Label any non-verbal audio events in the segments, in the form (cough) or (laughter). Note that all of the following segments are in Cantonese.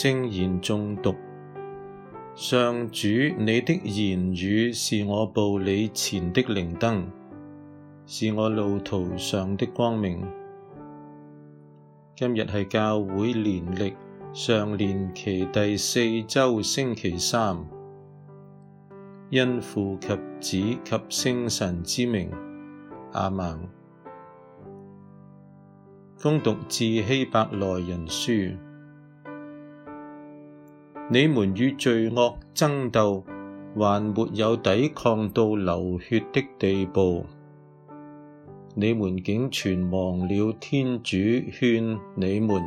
聖言誦讀。上主，你的言語是我步你前的靈燈，是我路途上的光明。今日係教會年曆常年期第四周星期三，因父及子及聖神之名，阿門。恭讀致希伯來人書。你們與罪惡爭鬥，還沒有抵抗到流血的地步，你們竟全忘了天主勸你們，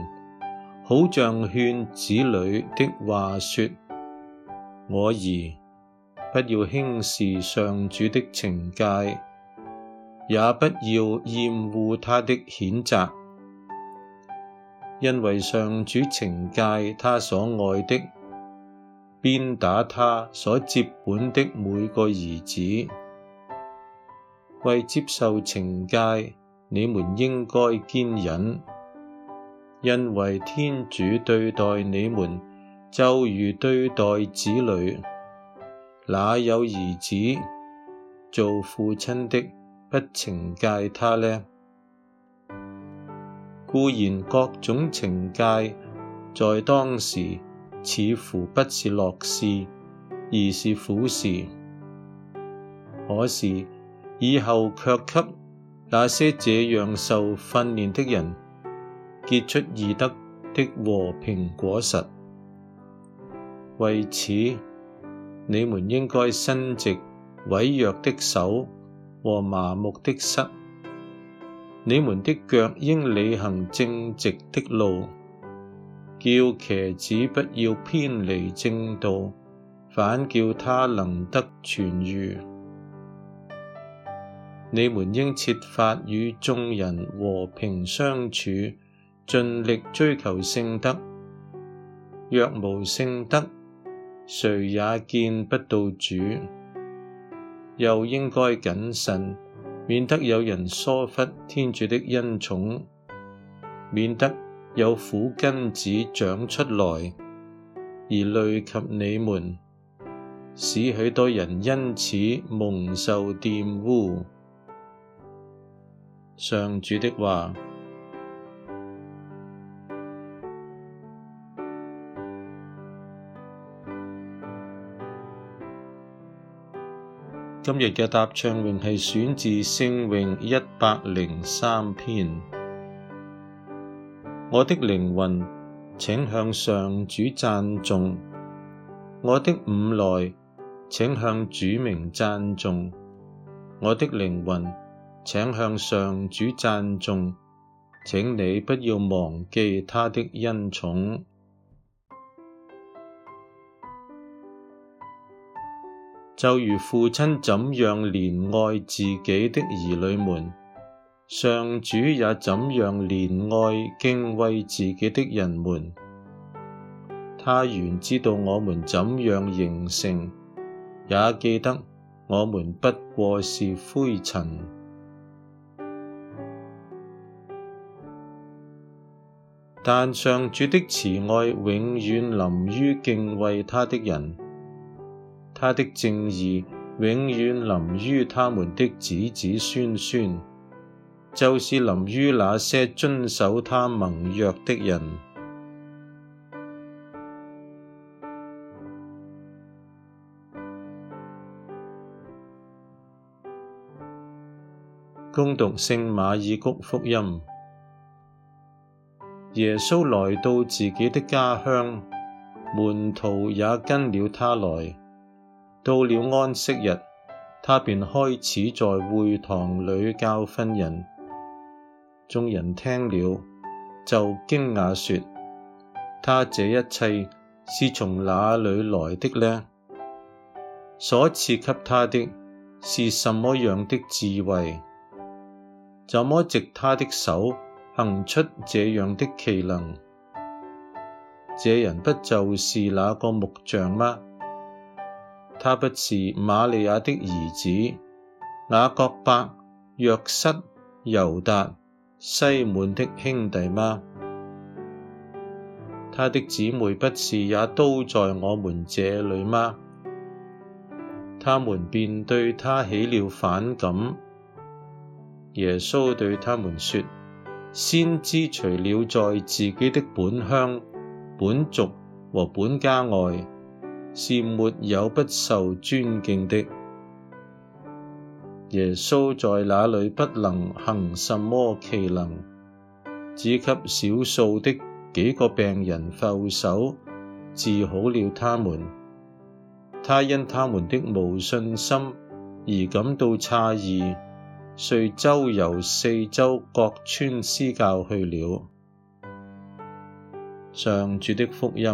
好像勸子女的話説：我兒，不要輕視上主的懲戒，也不要厭惡他的譴責，因為上主懲戒他所愛的。鞭打他所接管的每個兒子，為接受懲戒，你們應該堅忍，因為天主對待你們，就如對待子女，哪有兒子，做父親的不懲戒他呢？固然，各種懲戒在當時。似乎不是樂事，而是苦事。可是以後卻給那些這樣受訓練的人結出義德的和平果實。為此，你們應該伸直痿弱的手和麻木的膝，你們的腳應履行正直的路。叫瘸子不要偏離正道，反叫他能得痊癒。你們應設法與眾人和平相處，盡力追求聖德。若無聖德，誰也見不到主。又應該謹慎，免得有人疏忽天主的恩寵，免得，有苦根子長出來，而累及你們，使許多人因此蒙受玷污。上主的話，今日嘅答唱詠係選自聖詠一百零三篇。我的靈魂，請向上主讚頌；我的五內，請向主名讚頌；我的靈魂，請向上主讚頌。請你不要忘記他的恩寵， (music) (music) 就如父親怎樣憐愛自己的兒女們。上主也怎樣憐愛敬畏自己的人們，他原知道我們怎樣形成，也記得我們不過是灰塵。但上主的慈愛永遠臨於敬畏他的人，他的正義永遠臨於他們的子子孫孫。就是臨於那些遵守他盟約的人。恭讀聖馬爾谷福音，耶穌來到自己的家鄉，門徒也跟了他來。到了安息日，他便開始在會堂裏教訓人。眾人聽了，就驚訝說：他這一切是從哪裏來的呢？所賜給他的是什麼樣的智慧？怎麼藉他的手行出這樣的奇能？這人不就是那個木匠嗎？他不是瑪利亞的兒子，雅各伯、若瑟、猶達、西門的兄弟嗎？他的姊妹不是也都在我們這裡嗎？他們便對他起了反感。耶穌對他們說：先知除了在自己的本鄉、本族和本家外，是沒有不受尊敬的。耶穌在那裏不能行什麼奇能，只給少數的幾個病人覆手，治好了他們。他因他們的無信心而感到詫異，遂周遊四周各村施教去了。上主的福音。